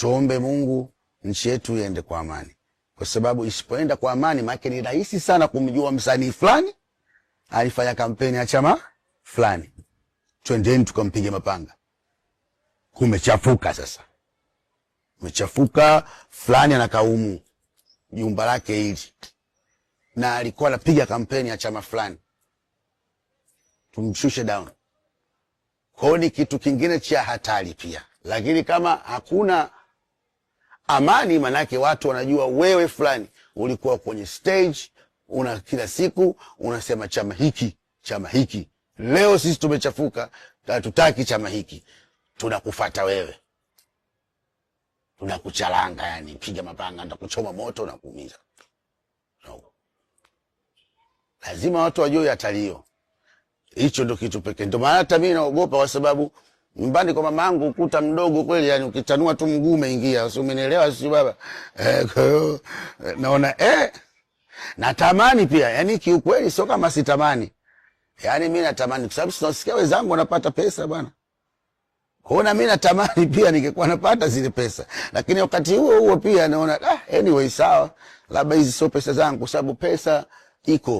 tuombe Mungu nchi yetu iende kwa amani, kwa sababu isipoenda kwa amani, maana ni rahisi sana kumjua msanii fulani alifanya kampeni ya chama fulani, twendeni tukampige mapanga. Kumechafuka sasa, kumechafuka. Fulani anakaumu jumba lake hili, na alikuwa anapiga kampeni ya chama fulani, tumshushe down. Kwao ni kitu kingine cha hatari pia, lakini kama hakuna amani manake watu wanajua wewe fulani ulikuwa kwenye stage, una kila siku unasema chama hiki chama hiki. Leo sisi tumechafuka, hatutaki chama hiki, tunakufata wewe, tunakuchalanga, yani piga mapanga, ndakuchoma moto na kuumiza. No. Lazima watu wajue hatari hiyo. Hicho ndo kitu pekee, ndo maana hata mimi naogopa kwa sababu nyumbani kwa mama yangu ukuta mdogo kweli, yani ukitanua tu mguu umeingia, si umenielewa? Sio baba eh? Kwa hiyo eh, naona eh, natamani pia, yani kiukweli sio kama sitamani, yani mimi natamani kwa sababu sinasikia wenzangu wanapata pesa bwana. Kuna mimi natamani pia ningekuwa napata zile pesa, lakini wakati huo huo pia naona ah, anyway sawa, labda hizi sio pesa zangu, kwa sababu pesa iko